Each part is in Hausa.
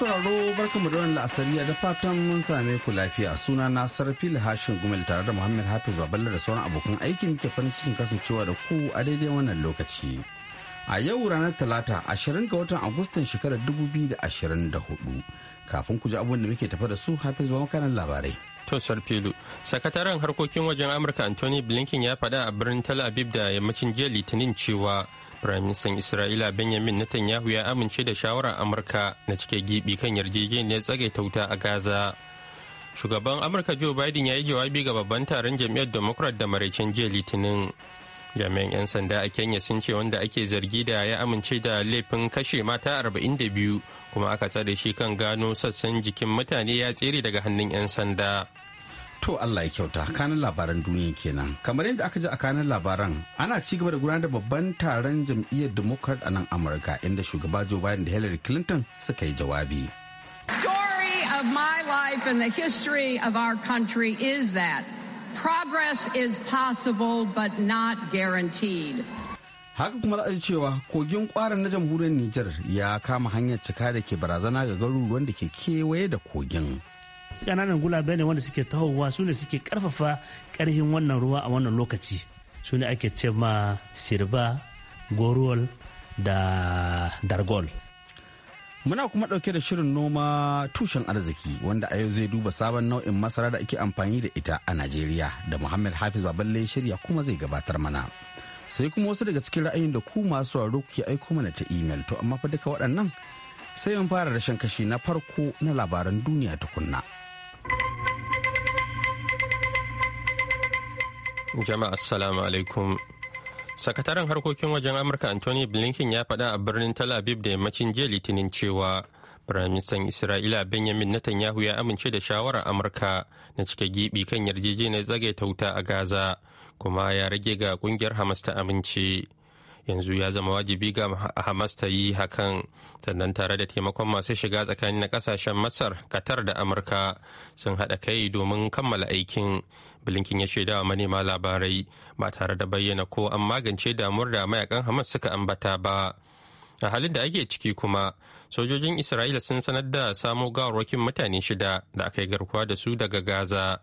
masu barka barkamu da wannan la'asariya da fatan mun same ku lafiya suna na sarfil hashin gumel tare da muhammad hafiz baballa da sauran abokan aiki muke farin cikin kasancewa da ku a daidai wannan lokaci a yau ranar talata 20 ga watan agustan shekarar 2024 kafin ku ji abin da muke tafa da su hafiz ba makanan labarai to sarfilu sakataren harkokin wajen amurka anthony blinken ya faɗa a birnin tel aviv da yammacin jiya litinin cewa Firaministan Isra'ila Benjamin Netanyahu ya amince da shawarar Amurka na cike gibi kan yarjejeniyar tsagaita wuta a Gaza. Shugaban Amurka Joe Biden ya yi jawabi ga babban taron jam'iyyar Democrat da maraicen jiya Litinin. Jami'an 'yan sanda a Kenya sun ce wanda ake zargi da ya amince da laifin kashe mata arba'in da biyu kuma aka tsare shi kan gano sassan jikin mutane ya tsere daga hannun 'yan sanda. To Allah ya kyauta kanan labaran duniya kenan. Kamar yadda aka ji a kanin labaran ana ci gaba da gudanar da babban taron jam'iyyar Democrat a nan Amurka inda shugaba Joe Biden da Hillary Clinton suka yi jawabi. Story of my life and the history of our country is that progress is possible but not guaranteed. Haka kuma za a ji cewa kogin kwarin na jamhuriyar Nijar ya kama hanyar cika da ke barazana ga garuruwan da ke kewaye da kogin. ƙananan gulabe ne wanda suke tahowa su ne suke karfafa karhin wannan ruwa a wannan lokaci su ne ake ce ma sirba goruwal da dargol muna kuma ɗauke da shirin noma tushen arziki wanda a yau zai duba sabon nau'in masara da ake amfani da ita a najeriya da muhammad hafiz baballe shirya kuma zai gabatar mana sai kuma wasu daga cikin ra'ayin da ku masu sauraro kuke aiko mana ta imel to amma fa duka waɗannan sai mun fara rashin kashi na farko na labaran duniya tukunna. Jama'a assalamu alaikum. Sakataren harkokin wajen Amurka Anthony Blinken ya faɗa a birnin Tel Aviv da yammacin jiya Litinin cewa Firaministan Isra'ila Benjamin Netanyahu ya amince da shawarar Amurka na cike gibi kan yarjejeniyar tsagaita wuta a Gaza kuma ya rage ga kungiyar Hamas ta amince. yanzu ya zama wajibi ga hamas ta yi hakan sannan tare da taimakon masu shiga tsakanin na kasashen masar qatar da amurka sun haɗa kai domin kammala aikin bilinkin ya shaida wa manema labarai ba tare da bayyana ko an magance damuwar da mayakan hamas suka ambata ba a halin da ake ciki kuma sojojin isra'ila sun sanar da samo gawarwakin mutane shida da aka yi garkuwa da su daga gaza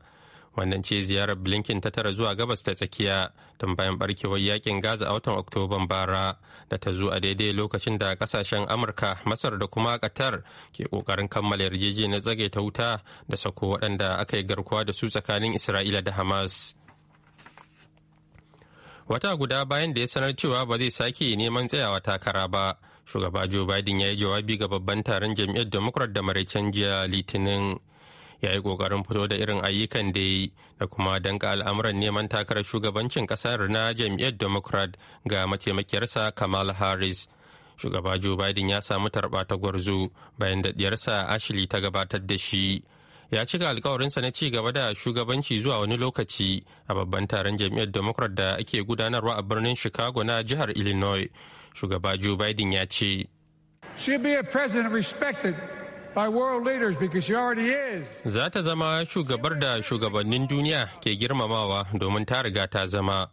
wannan ce ziyarar blinken ta tara zuwa gabas ta tsakiya tun bayan barkewar yakin gaza a watan oktoban bara da ta zo a daidai lokacin da kasashen amurka masar da kuma qatar ke kokarin kammala yarjejeniyar tsage ta wuta da sako waɗanda aka yi garkuwa da su tsakanin isra'ila da hamas wata guda bayan da ya sanar cewa ba zai sake neman tsayawa takara ba shugaba joe biden ya yi jawabi ga babban taron jam'iyyar democrat da maraicen jiya litinin ya yi kokarin fito da irin ayyukan da yi da kuma danka al'amuran neman takarar shugabancin ƙasar na jam'iyyar democrat ga mataimakiyarsa kamal harris shugaba joe biden ya samu tarba ta gwarzo bayan da diyarsa ashley ta gabatar da shi ya cika alkawarinsa na ci gaba da shugabanci zuwa wani lokaci a babban taron jam'iyyar democrat da ake gudanarwa a birnin chicago na jihar illinois shugaba joe biden ya ce she'll be a president respected Za ta zama shugabar da shugabannin duniya ke girmamawa domin ta riga ta zama.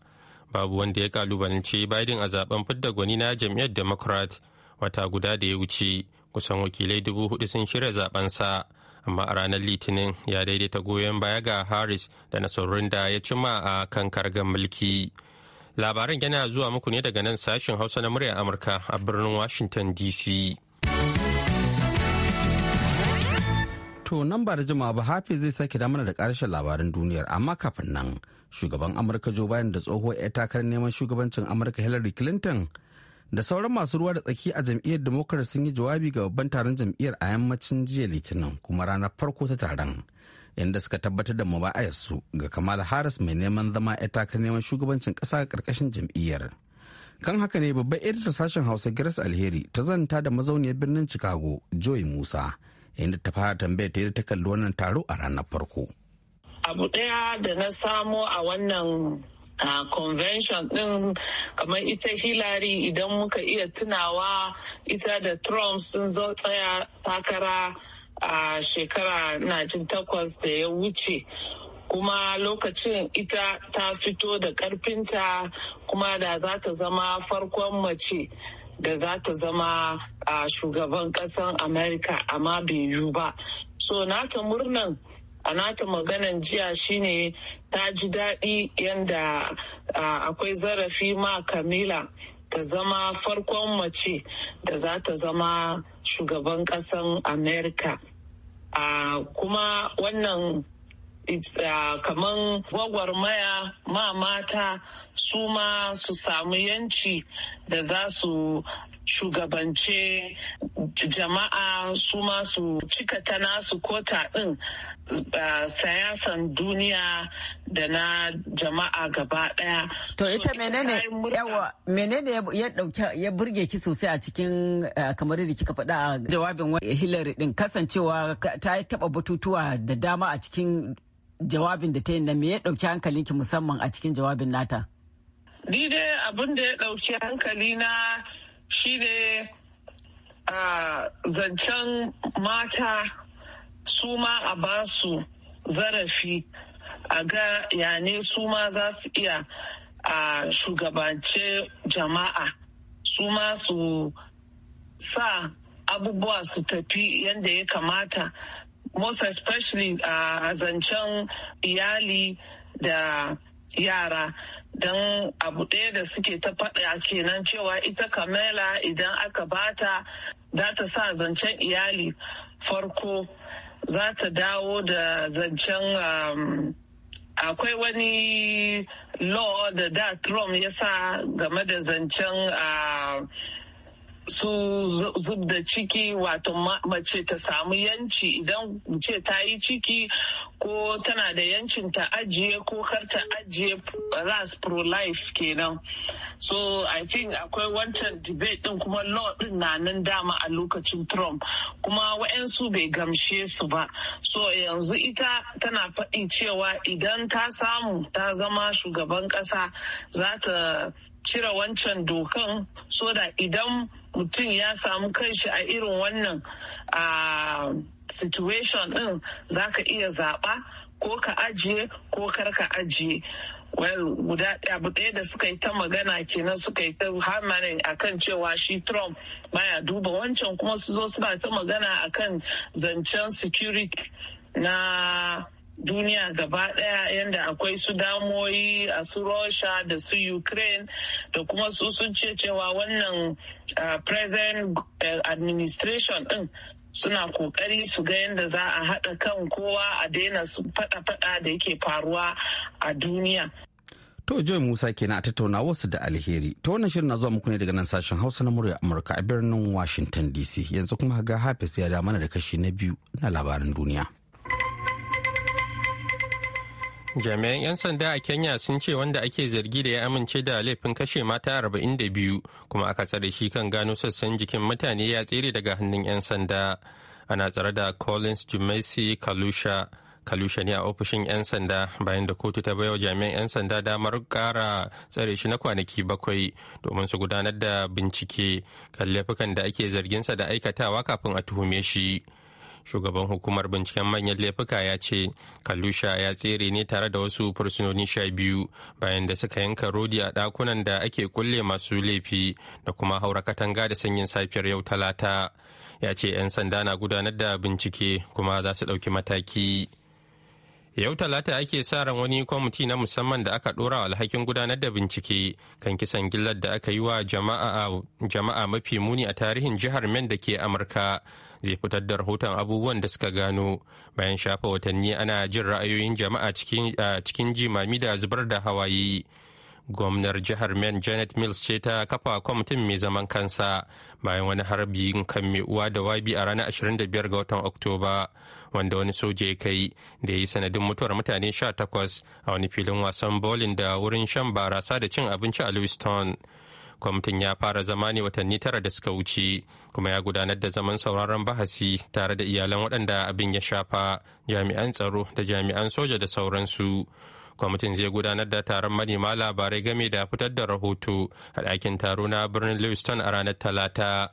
Babu wanda ya kalubalance Biden a zaben fidda gwani na jam'iyyar Democrat wata guda da ya wuce kusan wakilai dubu hudu sun shirya zaben sa. Amma a ranar Litinin ya daidaita goyon baya ga Harris da nasarorin da ya cima a kan kargan mulki. Labaran yana zuwa muku ne daga nan sashen Hausa na murya Amurka a birnin Washington DC. To nan ba da jima ba hafi zai sake damar da karshen labarin duniyar amma kafin nan shugaban Amurka Joe Biden da tsohuwar 'yar takarar neman shugabancin Amurka Hillary Clinton da sauran masu ruwa da tsaki a jam'iyyar Democrat sun yi jawabi ga babban taron jam'iyyar a yammacin jiya Litinin kuma ranar farko ta taron inda suka tabbatar da maba'ayarsu ga Kamala Harris mai neman zama 'yar takarar neman shugabancin ƙasa ƙarƙashin jam'iyyar. kan haka ne babban editar sashen hausa grace alheri ta zanta da mazauniyar birnin chicago joy musa inda ta fara tambaya ta ta kalli wannan taro a ranar farko. Abu ɗaya da na samo a wannan uh, convention ɗin kamar ita Hillary idan muka iya tunawa ita da Trump sun zo tsaya takara a shekara na jin takwas da ya wuce. kuma lokacin ita ta fito da karfinta kuma da za ta zama farkon mace da za ta zama a shugaban ƙasan amerika amma bai yiwu ba so nata murnan a nata maganan jiya shine ta ji daɗi yadda akwai zarafi ma kamila ta zama farkon mace da za ta zama shugaban ƙasan amerika kuma wannan kaman gwagwarmaya ma mata su ma su samu yanci da za su shugabance jama'a su ma su cika ta nasu kota ɗin sayasan duniya da na jama'a gaba ɗaya. To ita menene yawa menene ya ɗauki ya burge ki sosai a cikin kamar da kika faɗa a jawabin wani. Hillary ɗin kasancewa ta yi taɓa batutuwa da dama a cikin jawabin da ta yi nan me ya ɗauki hankalinki musamman a cikin jawabin nata? Ni dai abin da ya ɗauki hankali na shi ne zancen mata su ma a ba su zarafi a ga yane su ma za su iya a shugabance jama'a su ma su sa abubuwa su tafi yadda ya kamata most especially uh, a zancen iyali da yara don abu ɗaya da suke ta faɗa kenan cewa ita kamela idan aka bata za ta sa zancen iyali farko za ta dawo da zancen um, akwai wani law da da trump ya sa game da zancen uh, su zub da ciki wato mace ta samu yanci idan ce ta yi ciki ko tana da yancin ta ajiye ko kar ta ajiye ras pro life kenan so i think akwai wancan debate din kuma law din na nan dama a lokacin trump kuma wayansu bai gamshe su ba so yanzu ita tana faɗi cewa idan ta samu ta zama shugaban ƙasa za ta cire wancan dokan so da idan mutum ya samu kanshi a irin wannan a situation din za ka iya zaɓa ko ka ajiye ko kar ka ajiye well guda abu ɗaya da suka yi ta magana kenan suka yi ta a kan cewa shi trump baya duba wancan kuma su zo suna ta magana a kan zancen security na duniya gaba daya yadda akwai su damoyi a su russia da su ukraine da kuma su sun ce cewa wannan present administration din suna kokari su ga yadda za a haɗa kan kowa a daina su faɗa-faɗa da yake faruwa a duniya To Joy Musa na a tattauna wasu da alheri. Ta wannan shirin na zuwa muku ne daga nan sashen Hausa na murya Amurka a birnin Washington DC. Yanzu kuma ga sai ya mana da kashi na biyu na labaran duniya. jami'an 'yan sanda a kenya sun ce wanda ake zargi da ya amince da laifin kashe mata 42 kuma aka tsare shi kan gano sassan jikin mutane ya tsere daga hannun 'yan sanda ana tsare da collins jumaisi kalusha kalusha ne a ofishin 'yan sanda bayan da kotu ta baiwa jami'an 'yan sanda damar kara tsare shi na kwanaki bakwai domin su gudanar da bincike kan laifukan da ake zarginsa da aikatawa kafin a tuhume shi. shugaban hukumar binciken manyan laifuka ya ce kalusha ya tsere ne tare da wasu fursunoni sha biyu bayan da suka yanka rodi a dakunan da ake kulle masu laifi da kuma haura katanga da sanyin safiyar yau talata ya ce 'yan sanda na gudanar da bincike kuma za su ɗauki mataki. Yau Talata ake sa ran wani kwamiti na musamman da aka ɗora alhakin gudanar da bincike kan kisan gillar da aka yi wa jama'a mafi muni a tarihin jihar men da ke Amurka zai fitar da rahoton abubuwan da suka gano bayan shafa watanni ana jin ra'ayoyin jama'a cikin jimami da zubar da hawaye. gwamnar jihar men janet mills ce ta kafa kwamitin mai zaman kansa bayan wani harbi kan mai uwa da wabi a ranar 25 ga watan oktoba wanda wani soja ya kai da ya yi sanadin mutuwar mutane 18 a wani filin wasan bowling da wurin shan barasa da cin abinci a lewiston kwamitin ya fara zama ne watanni tara da suka wuce kuma ya gudanar da zaman sauraron bahasi tare da iyalan waɗanda abin ya shafa jami'an tsaro da jami'an soja da sauransu kwamitin zai gudanar da taron manema labarai game da fitar da rahoto a ɗakin taro na birnin lewiston a ranar talata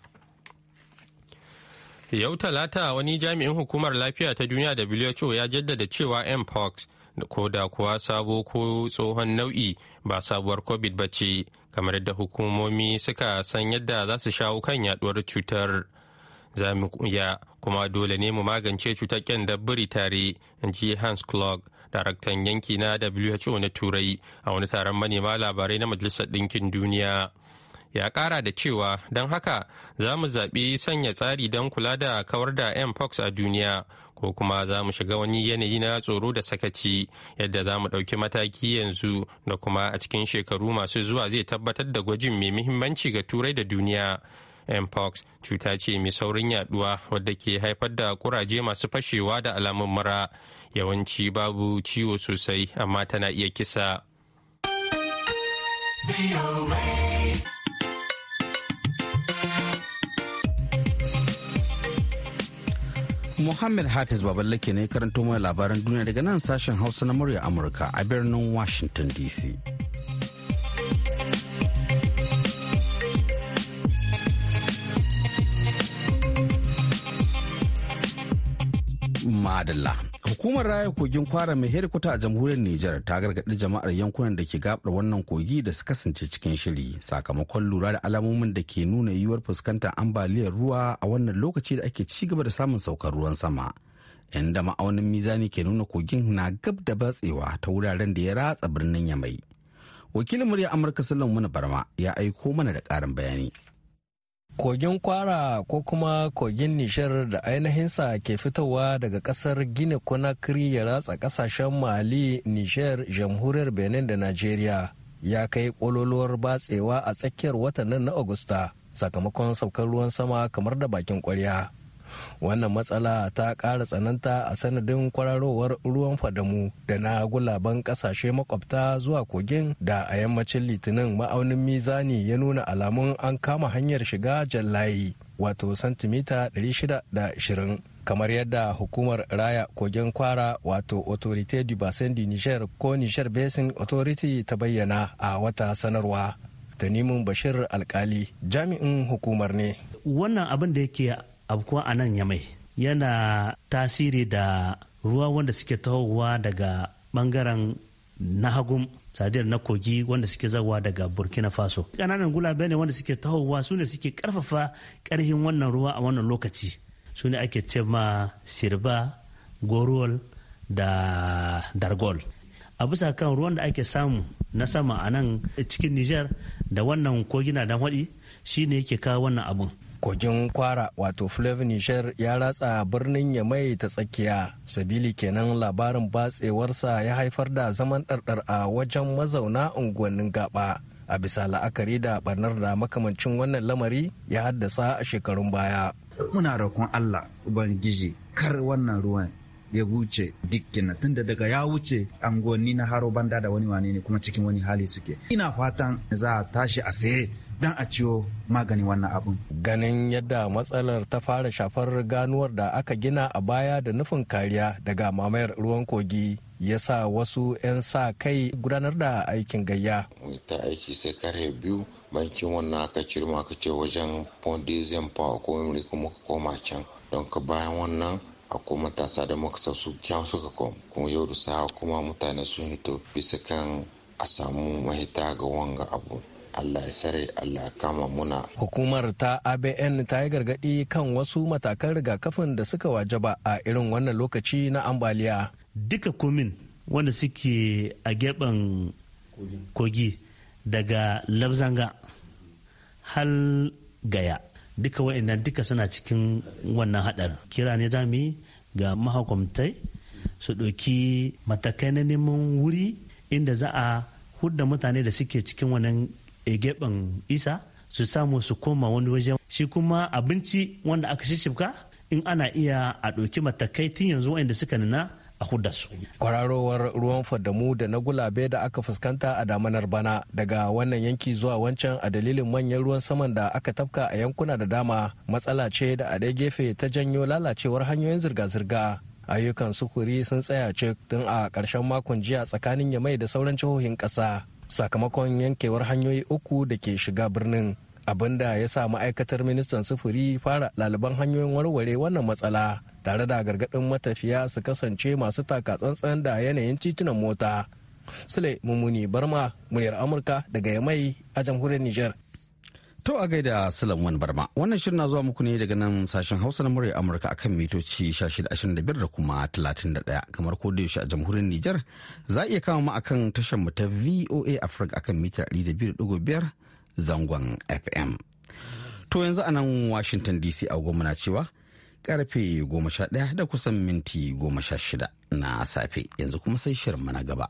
yau talata wani jami'in hukumar lafiya ta duniya who ya jaddada cewa mpox ko da kuwa sabo ko tsohon nau'i ba sabuwar covid ba ce kamar yadda hukumomi suka san yadda za su shawo kan yaduwar cutar. za mu iya kuma dole ne mu magance cutar dabbiri tare in ji hans klug daraktan yanki na who na turai a wani taron manema labarai na majalisar ɗinkin duniya ya kara da cewa don haka za mu zaɓi sanya tsari don kula da kawar da mpox a duniya ko kuma za mu shiga wani yanayi na tsoro da sakaci yadda za mu ɗauki mataki yanzu da kuma a cikin shekaru masu zuwa zai tabbatar da gwajin mai muhimmanci ga turai da duniya mpox cuta ce mai saurin yaduwa wadda ke haifar da kuraje masu fashewa da alamun mura yawanci babu ciwo sosai amma tana iya kisa Muhammad Hafiz Baballake ne karanto mai labaran duniya daga nan sashen Hausa na murya Amurka a birnin Washington DC. adalla. Hukumar Raya Kogin Kwara mai hedikwata a jamhuriyar Nijar ta gargaɗi jama'ar yankunan da ke gabar wannan kogi da su kasance cikin shiri sakamakon lura da alamomin da ke nuna yiwuwar fuskantar ambaliyar ruwa a wannan lokaci da ake ci gaba da samun saukar ruwan sama. Inda ma'aunin mizani ke nuna kogin na gab da batsewa ta wuraren da ya ratsa birnin Yamai. Wakilin murya Amurka muna Barma ya aiko mana da ƙarin bayani. Kogin kwara ko kuma kogin nishar da ainihinsa ke fitowa daga kasar Gini Conakry ya ratsa kasashen Mali, Nishar, jamhuriyar Benin da Najeriya ya kai kololuwar batsewa a tsakiyar watan na Agusta sakamakon saukar ruwan sama kamar da bakin kwarya. wannan matsala ta ƙara tsananta a sanadin kwararowar ruwan fadamu da na gulaban ƙasashe makwabta zuwa kogin da a yammacin litinin ma'aunin mizani ya nuna alamun an kama hanyar shiga jallayi wato santimita 620 kamar yadda hukumar raya kogin kwara wato autorité du bassin du niger ko niger basin authority ta bayyana a wata sanarwa tanimin bashir alkali jami'in hukumar ne wannan abin da yake abkuwa a nan yamai yana tasiri da ruwa wanda suke tahowa daga bangaren na hagum sadiyar na kogi wanda suke zawa daga burkina faso ƙananan gulabe ne wanda suke tahowa su ne suke karfafa karhin wannan ruwa a wannan lokaci su ne ake ce ma sirba gorol da dargol a bisa kan ruwan da ake samu na sama a nan cikin niger da wannan kogina dan shi ne yake kawo wannan abun kogin kwara wato flavin nishar ya ratsa birnin yamai ta tsakiya sabili kenan labarin batsewarsa ya haifar da zaman ɗarɗar a wajen mazauna unguwannin gaba a bisa la'akari da barnar da makamancin wannan lamari ya haddasa a shekarun baya muna roƙon allah ubangiji kar wannan ruwan ya wuce na tunda daga ya wuce angonni na haro banda da wani wane ne kuma cikin wani hali suke ina fatan za a tashi a tsaye dan a ciwo magani wannan abun. Ganin yadda matsalar ta fara shafar ganuwar da aka gina a baya da nufin kariya daga mamayar ruwan kogi ya sa wasu 'yan sa kai gudanar da aikin gayya. Ta aiki sai kare biyu bankin wannan aka cirma aka ce wajen pondizem power ko kuma koma can don ka bayan wannan akwai matasa da makasa su kyan suka kom kuma yau da sa'a kuma mutane sun hito bisa kan a samu mahita ga wanga abu Allah ya sare Allah kama muna. Hukumar ta ABN ta yi gargaɗi kan wasu matakan rigakafin da suka wajaba a irin wannan lokaci na ambaliya. Duka komin wanda suke a gefen kogi daga Labzanga har gaya duka wa'annan duka suna cikin wannan haɗarin kira ne za yi ga mahakwamtai su ɗauki matakai na neman wuri inda za a hudda mutane da suke cikin wannan egeben isa su samu su koma wani waje shi kuma abinci wanda aka shishifka in ana iya a ɗauki matakai tun yanzu wa'anda suka nuna a Kwararowar ruwan fadamu da na gulabe da aka fuskanta a damanar bana daga wannan yanki zuwa wancan a dalilin manyan ruwan saman da aka tafka a yankuna da dama matsala ce da a ɗaya gefe ta janyo lalacewar hanyoyin zirga-zirga ayyukan sufuri sun tsaya cik tun a ƙarshen makon jiya tsakanin yamai da sauran jihohin ƙasa sakamakon yankewar hanyoyi uku da ke shiga birnin da ya sa ma'aikatar ministan sufuri fara laliban hanyoyin warware wannan matsala tare da gargadin matafiya su kasance masu taka tsantsan da yanayin titunan mota sule mummuni barma muryar amurka daga yamai a jamhuriyar niger To a gaida Sulaiman Barma, wannan shirin na zuwa muku ne daga nan sashen Hausa na murya Amurka akan mitoci 1625 da kuma 31 kamar ko da yaushe a jamhuriyar Nijar za a iya kama mu akan tashar mu ta VOA Africa akan mita zangon FM. To yanzu a nan Washington DC a goma na cewa karfe goma sha da kusan minti goma na safe yanzu kuma sai shirin mana gaba.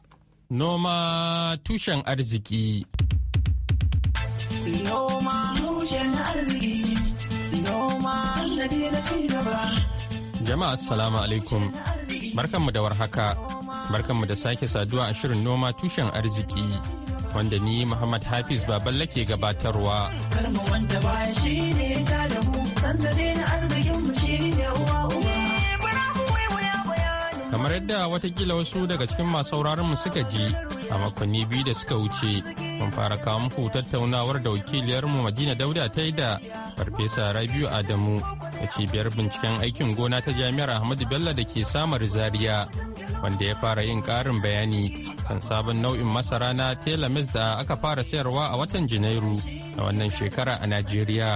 Noma tushen arziki. Noma tushen arziki. Noma sannadi na gaba. Jama'a assalamu alaikum. Barkanmu da warhaka. Barkanmu da sake saduwa a shirin noma tushen arziki. wanda ni Muhammad Hafiz Baballe ke gabatarwa. kamar yadda watakila wasu daga cikin masu mu suka ji a makonni biyu da suka wuce mun fara kawo muku tattaunawar da wakiliyarmu madina dauda ta yi da farfesa rabiu adamu a cibiyar binciken aikin gona ta jami'ar ahmadu bello da ke samar Zariya wanda ya fara yin karin bayani kan sabon nau'in masara na telamis da aka fara sayarwa a watan janairu na wannan shekara a najeriya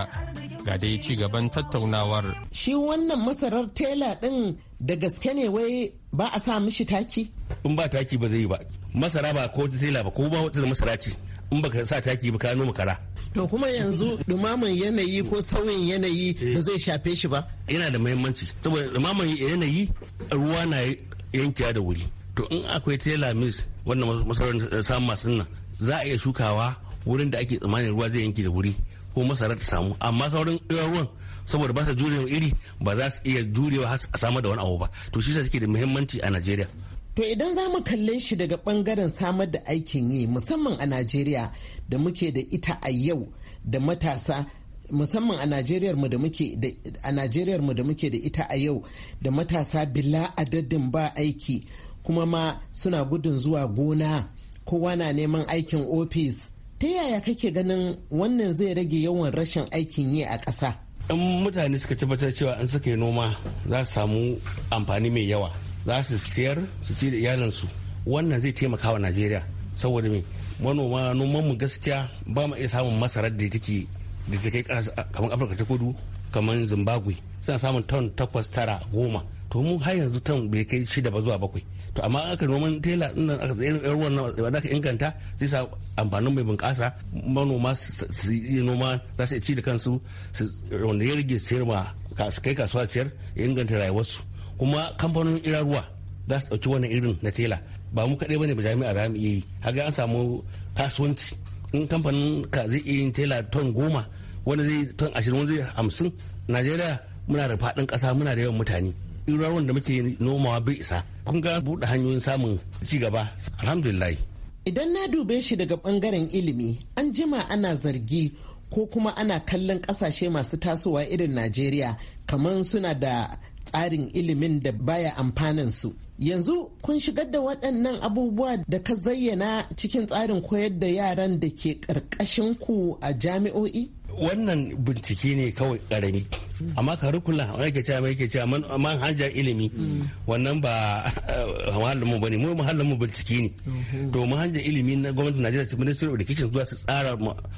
ga dai ci gaban tattaunawar shi wannan masarar tela din da gaske ne wai ba a sa mishi taki in ba taki ba zai yi ba masara ba ko tela ba ko ba wata masara ce in baka sa taki ba ka noma kara to kuma yanzu dumaman yanayi ko sauyin yanayi eh. ba zai shafe shi ba yana da muhimmanci saboda dumaman yanayi ruwa na yankewa da wuri to in akwai tela mis wannan masarar eh, samun masu nan za a iya shukawa wurin da ake tsammanin ruwa zai yanke da wuri ko masara ta samu amma sauran ruwan saboda ba sa jurewa iri ba za su iya jurewa a samar da wani abu ba to shi sa take da muhimmanci a najeriya To idan za mu kalle shi daga bangaren samar da aikin yi musamman a Najeriya da muke da ita a yau da matasa musamman a Najeriyar mu da muke da a Najeriyar da muke da ita a yau da matasa bila adadin ba aiki kuma ma suna gudun zuwa gona kowa na neman aikin ofis ta yaya kake ganin wannan zai rage yawan rashin aikin yi a ƙasa in mutane suka tabbatar cewa an suka yi noma za su samu amfani mai yawa za su siyar su ci da iyalansu wannan zai taimaka wa najeriya saboda me manoma noman gaskiya ba mu iya samun masarar da take da take kamar afirka ta kudu kamar zimbabwe suna samun ton takwas tara goma to mu har yanzu ton bai kai shida ba zuwa bakwai to amma aka noman tela ina nan aka tsaye da ruwan da aka inganta zai sa amfanin mai bunƙasa manoma su yi noma za su ci da kansu su wanda ya rage siyar ma kai kasuwa ciyar ya inganta rayuwarsu kuma kamfanonin ruwa za su ɗauki wannan irin na tela ba mu kaɗai bane ba jami'a za mu yi haka an samu kasuwanci in kamfanin ka zai iya yin tela ton goma wani zai ton ashirin wani zai hamsin najeriya muna da faɗin ƙasa muna da yawan mutane ruwan da muke nomawa bai isa kun ga buɗe hanyoyin samun ci gaba alhamdulillah idan na dube shi daga bangaren ilimi an jima ana zargi ko kuma ana kallon kasashe masu tasowa irin najeriya kamar suna da tsarin ilimin da baya amfanan su yanzu kun shigar da waɗannan abubuwa da ka zayyana cikin tsarin koyar da yaran da ke ƙarƙashin ku a jami'o'i wannan bincike ne kawai ƙarami amma karikula wani ke cewa ke cewa manhajar ilimi wannan ba eh, muhallin mu ne mu muhallin mu bincike ne to manhajar ilimi na gwamnatin Najeriya ta ministry of education zuwa su tsara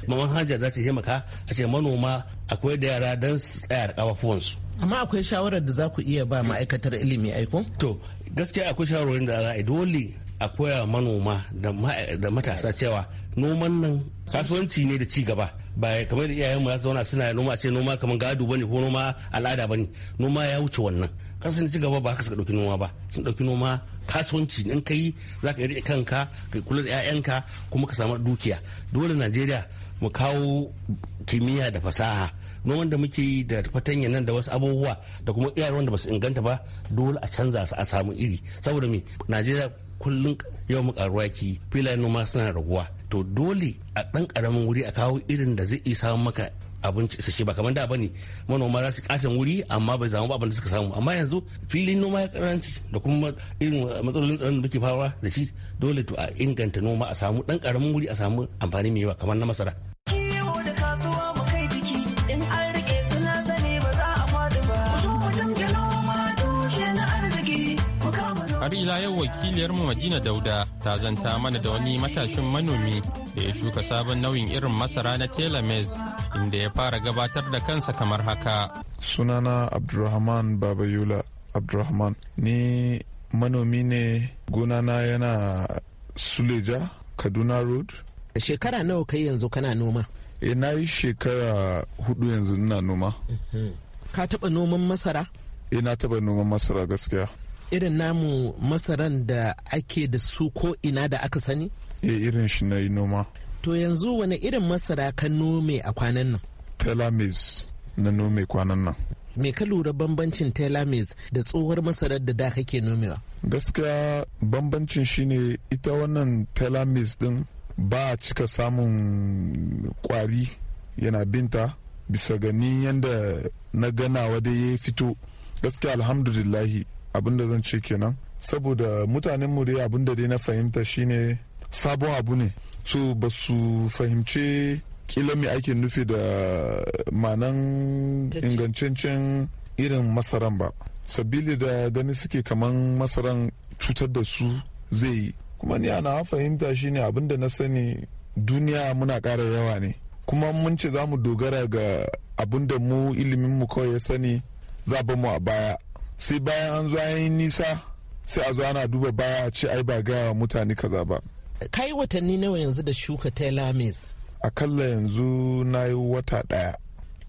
manhajar za ta taimaka a ce manoma akwai da yara don su tsaya da kafafuwansu amma akwai shawarar da za ku iya ba ma'aikatar ilimi aiko to gaskiya akwai shawarorin da za a dole a koya manoma da matasa cewa noman nan kasuwanci ne da ci gaba ba kamar da iyayen mu ya zauna suna noma ce noma kamar gado bane ko noma al'ada bane noma ya wuce wannan kasan ci gaba ba haka suka dauki noma ba sun ɗauki noma kasuwanci in kai za ka rike kanka ka kula da 'ya'yanka kuma ka samu dukiya dole najeriya mu kawo kimiyya da fasaha noman da muke yi da fatanya nan da wasu abubuwa da kuma iyayen wanda ba su inganta ba dole a canza su a samu iri saboda me najeriya kullum yau mu karuwa ki filayen noma suna raguwa to dole a ɗan ƙaramin wuri a kawo irin da zai iya samun maka abinci isasshe ba kamar da bane manoma za su katon wuri amma bai samu abin da suka samu amma yanzu filin noma ya karanci da kuma irin matsalolin tsaron da ke fara da shi dole to a inganta noma a samu dan karamin wuri a samu amfani mai yawa kamar na masara har ila yau wakiliyarmu madina dauda ta zanta mana da wani matashin manomi da ya shuka sabon nauyin irin masara na telemes inda ya fara gabatar da kansa kamar haka sunana abdulrahman babayula abdulrahman ni manomi ne gonana yana suleja kaduna road shekara nawa kai yanzu kana noma e na yi shekara hudu yanzu ina noma ka taba noman masara e na taba noman masara gaskiya irin namu masaran da ake da su ko ina da aka sani? Eh irin shi na yi noma. To yanzu wani irin masara ka nome a kwanan nan? Telamis na nome kwanan nan. Me ka lura bambancin telamis da tsohuwar masarar da da kake nomewa? Gaskiya bambancin shi ne ita wannan telamis din ba a cika samun kwari yana binta bisa ganin yadda na ganawa da ya fito gaskiya alhamdulillahi abin da zan ce kenan saboda mutanen mu dai abin da dai na fahimta shine sabon abu ne so ba su fahimce kila mai ake nufi da manan ingancancen irin masaran ba sabili da gani suke kaman masaran cutar da su zai yi kuma ni ana fahimta shine abin da na sani duniya muna ƙara yawa ne kuma mun ce za mu dogara ga abin da mu ilimin mu kawai ya sani za mu a baya sai bayan an zo an nisa sai a zo ana duba baya ce ai ba gaya mutane kaza ba kai watanni nawa yanzu da shuka taylor maize akalla yanzu na yi wata daya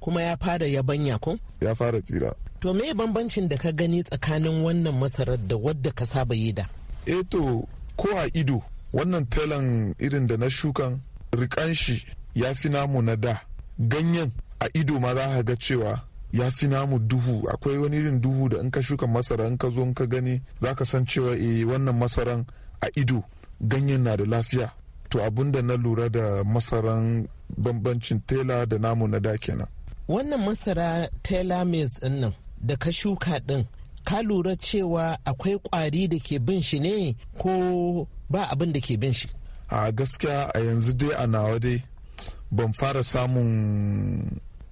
kuma ya fara yabanya ko ya fara tsira to me bambancin da ka gani tsakanin wannan masarar da wadda ka saba yi da e to ko a ido wannan telan irin da na shukan rikanshi ya fi namu na da ganyen a ido ma za ka ga cewa ya fi namu duhu akwai wani irin duhu da in ka shuka masara in ka zo in ka gani za ka san cewa eh wannan masaran a ido ganyen na da lafiya to abun da na lura da masaran bambancin tela da namu na da kenan wannan masara tela maize din nan da ka shuka din ka lura cewa akwai kwari da ke bin shi ne ko ba abin da ke bin shi a gaskiya a yanzu dai a nawa dai ban fara samun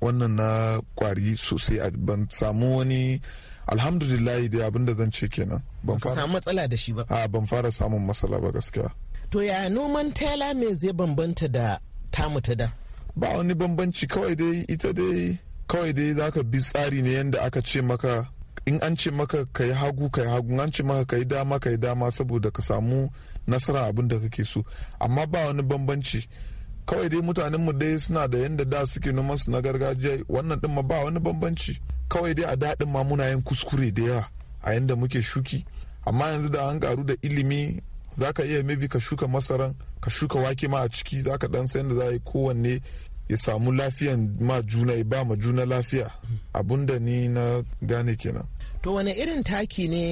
wannan na kwari sosai ban samu wani alhamdulillah dai abin da zan ce kenan ban fara samun matsala da shi ba ban fara samun matsala ba gaskiya to ya noman tela me zai bambanta da tamu ta da ba wani bambanci kawai dai ita dai kawai dai zaka bi tsari ne yadda aka ce maka in an ce maka ka yi hagu ka hagu an ce maka ka dama ka dama saboda ka samu nasara abin da kake so amma ba wani bambanci kawai dai mutanen mu dai suna da yanda da suke noman su na gargajiya wannan din ma ba wani bambanci kawai dai a daɗin ma muna yin kuskure da yawa a yanda muke shuki amma yanzu da an karu da ilimi za ka iya maybe ka shuka masaran ka shuka wake ma a ciki zaka dan san da za yi kowanne ya samu lafiyan ma juna ya ba ma juna lafiya abun da ni na gane kenan to wani irin taki ne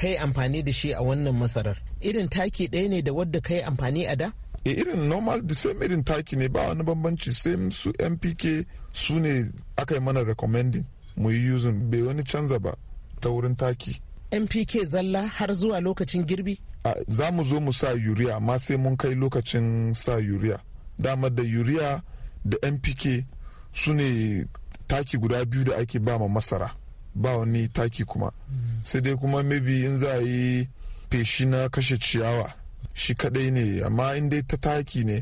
kai amfani da shi a wannan masarar irin taki ɗaya ne da wadda kai amfani a da e irin normal the same irin taki ne ba wani bambanci same su mpk su ne aka yi mana recommending mu yi using bai wani canza ba ta wurin taki mpk zalla har zuwa lokacin girbi za mu zo mu sa yuriya ma sai mun kai lokacin sa yuriya dama da yuriya da mpk su ne taki guda biyu da ake ba ma masara ba wani taki kuma hmm. sai dai kuma maybe in za a yi feshi na kashe ciyawa shi kadai ne amma in dai ta taki ne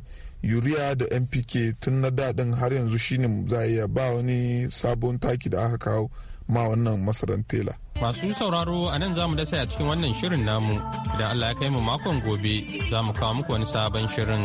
yuriya da npk tun na daɗin har yanzu shine za a iya ba wani sabon taki da aka kawo ma wannan masarar tela. Masu sauraro a nan za mu dasa a cikin wannan shirin namu idan Allah ya kai mu makon gobe za mu kawo muku wani sabon shirin.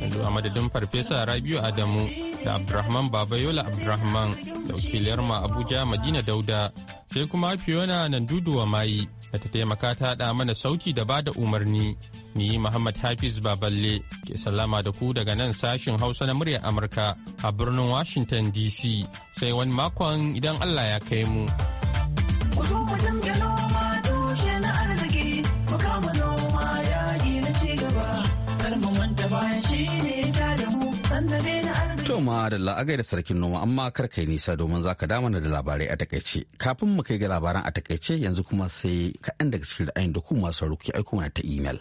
Yanzu a madadin Farfesa Rabiu Adamu da Abdurrahman yola Abdurrahman da wakiliyar ma Abuja Madina Dauda sai kuma Fiona duduwa Mayi da ta taimaka ta haɗa mana sauti da bada umarni. Ni Muhammad Hafiz Baballe ke sallama da ku daga nan sashin Hausa na muryar Amurka a birnin Washington DC sai wani makon idan Allah ya kai mu. ma da la'agai da sarkin noma amma kar kai nisa domin za ka damana da labarai a takaice kafin mu kai ga labaran a takaice yanzu kuma sai kaɗan daga cikin ra'ayin da ku masu ruki aiko mana ta imel.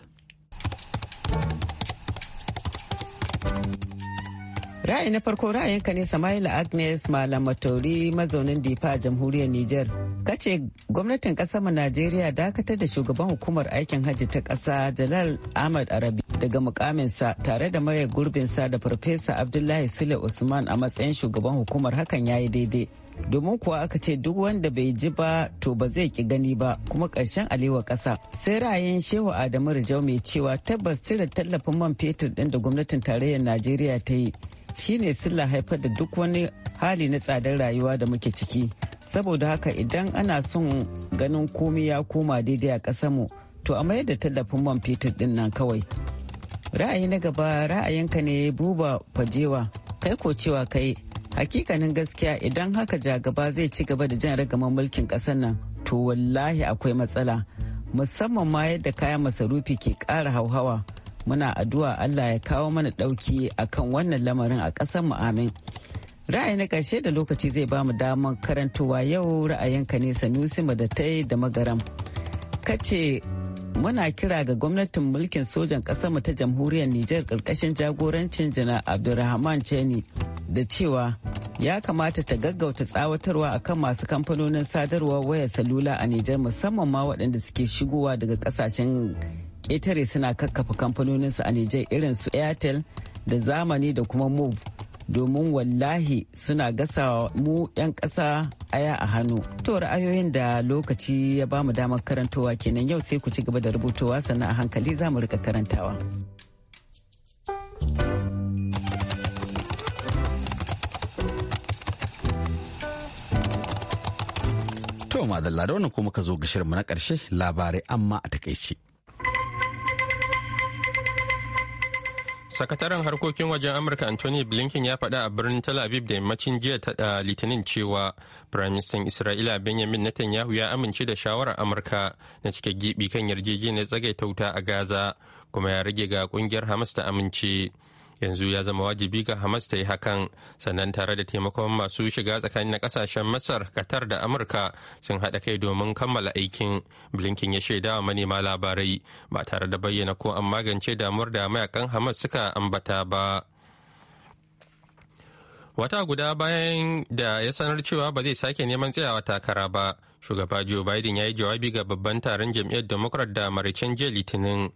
ra'ayi na farko ra'ayinka ne samaila agnes malam matauri mazaunin difa a jamhuriyar Nijar. kace gwamnatin mu najeriya dakatar da shugaban hukumar aikin hajji ta ƙasa jalal ahmad arabi daga mukaminsa tare da mara gurbinsa da farfesa abdullahi sule usman a matsayin shugaban hukumar hakan ya yi daidai domin kuwa aka ce duk wanda bai ji ba to ba zai ki gani ba kuma ƙarshen alewa ƙasa sai ra'ayin shehu adamu rijau mai cewa tabbas cire tallafin man fetur ɗin da gwamnatin tarayyar najeriya ta yi shine silla haifar da duk wani hali na tsadar rayuwa da muke ciki saboda haka idan ana son ganin komai ya koma daidai a ƙasarmu to a mayar da tallafin man fetur ɗin nan kawai ra'ayi na gaba ra'ayinka ne buba fajewa kai ko cewa kai hakikanin gaskiya idan haka jagaba zai ci gaba da jan ragaman mulkin kasar nan to wallahi akwai matsala musamman ma yadda kayan masarufi ke kara hauhawa muna addu'a allah ya kawo mana ɗauki akan wannan lamarin a ƙasar mu amin ra'ayi na karshe da lokaci zai ba mu damar karantowa yau ra'ayinka ne sanusi madatai da magaram kace muna kira ga gwamnatin mulkin sojan ƙasar mu ta jamhuriyar nijar ƙarƙashin jagorancin janar abdulrahman cheni da cewa ya kamata ta gaggauta tsawatarwa a kan masu kamfanonin sadarwa wayar salula a Nijar musamman ma waɗanda suke shigowa daga kasashen ƙetare suna kakkafa kamfanonin su a Nijar irin su Airtel da zamani da kuma Move domin wallahi suna gasa mu 'yan ƙasa aya a hannu. To ra'ayoyin da lokaci ya ba mu damar karantowa kenan yau sai ku ci gaba da rubutowa sannan a hankali za mu rika karantawa. To madalla da wannan kuma ka zo ga na ƙarshe labarai amma a takaice. Sakataren harkokin wajen Amurka Anthony Blinken ya faɗa a birnin Tel Aviv da yammacin jiya ta Litinin cewa Firaministan Isra'ila Benjamin Netanyahu ya amince da shawarar Amurka na cike gibi kan yarjejeniyar tsagaita wuta a Gaza kuma ya rage ga kungiyar Hamas ta amince. yanzu ya zama wajibi ga hamas ta yi hakan sannan tare da taimakon masu shiga tsakanin na kasashen masar qatar da amurka sun haɗa kai domin kammala aikin blinken ya shaida wa manema labarai ba tare da bayyana ko an magance damuwar da mayakan hamas suka ambata ba wata guda bayan da ya sanar cewa ba zai sake neman tsayawa takara ba shugaba joe biden ya yi jawabi ga babban taron jam'iyyar democrat da maricen jiya litinin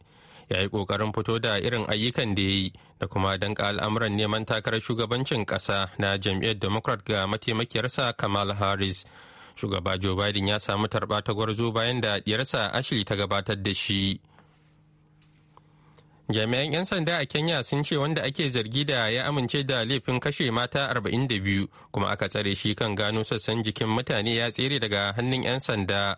ya yi kokarin fito da irin ayyukan da ya yi da kuma danka al'amuran neman takarar shugabancin kasa na jam'iyyar democrat ga mataimakiyarsa kamal harris shugaba joe biden ya samu tarba ta gwarzo bayan da diyarsa ashley ta gabatar da shi jami'an 'yan sanda a kenya sun ce wanda ake zargi da ya amince da laifin kashe mata 42 kuma aka tsare shi kan gano sassan jikin mutane ya tsere daga hannun 'yan sanda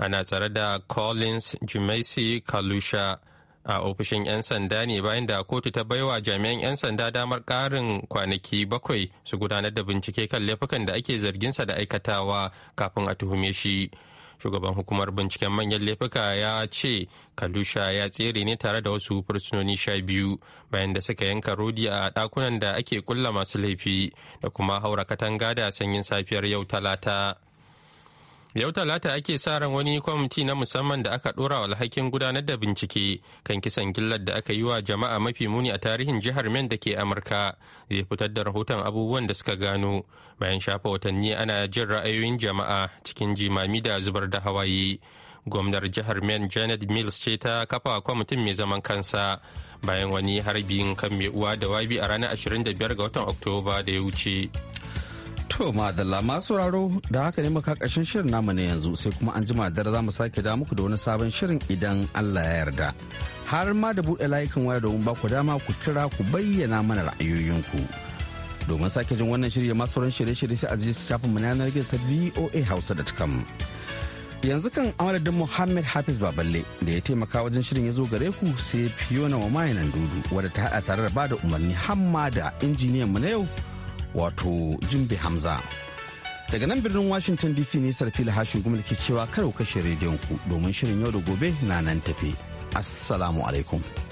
ana tsare da collins jimaisi kalusha a ofishin 'yan sanda ne bayan da kotu ta baiwa jami'an 'yan sanda damar ƙarin kwanaki bakwai su gudanar da bincike kan laifukan da ake zargin sa da aikatawa kafin a tuhume shi shugaban hukumar binciken manyan laifuka ya ce kalusha ya tsere ne tare da wasu fursunoni sha biyu bayan da suka yanka rodi a dakunan da ake kulla masu laifi da kuma haura katanga da sanyin safiyar yau talata Yau Talata ake sa ran wani kwamiti na musamman da aka dora wa alhakin gudanar da bincike kan kisan gillar da aka yi wa jama'a mafi muni a tarihin jihar men da ke Amurka zai fitar da rahoton abubuwan da suka gano bayan shafa watanni ana jin ra'ayoyin jama'a cikin jimami da zubar da hawaye. Gwamnar jihar men Janet Mills ce ta kafa kwamitin mai zaman kansa bayan wani harbin kan mai uwa da wabi a ranar 25 ga watan Oktoba da ya wuce. To madalla masu sauraro da haka ne muka ƙarshen shirin namu ne yanzu sai kuma an jima dare za mu sake da muku da wani sabon shirin idan Allah ya yarda. Har ma da buɗe layukan waya domin ba ku dama ku kira ku bayyana mana ra'ayoyinku. Domin sake jin wannan shirya masu sauran shirye-shirye sai a ji shafin mu yanar gizo ta VOA Hausa da kam. Yanzu kan amaladin Muhammad Hafiz Baballe da ya taimaka wajen shirin ya zo gare ku sai Fiona wa mayanan dudu wadda ta haɗa tare da bada umarni hamma da injiniyan mu na yau wato jimbe hamza daga nan birnin washington dc ne sarfi sarfil hashin gumal ke cewa kar kashe rediyon ku domin shirin yau da gobe na nan tafe assalamu alaikum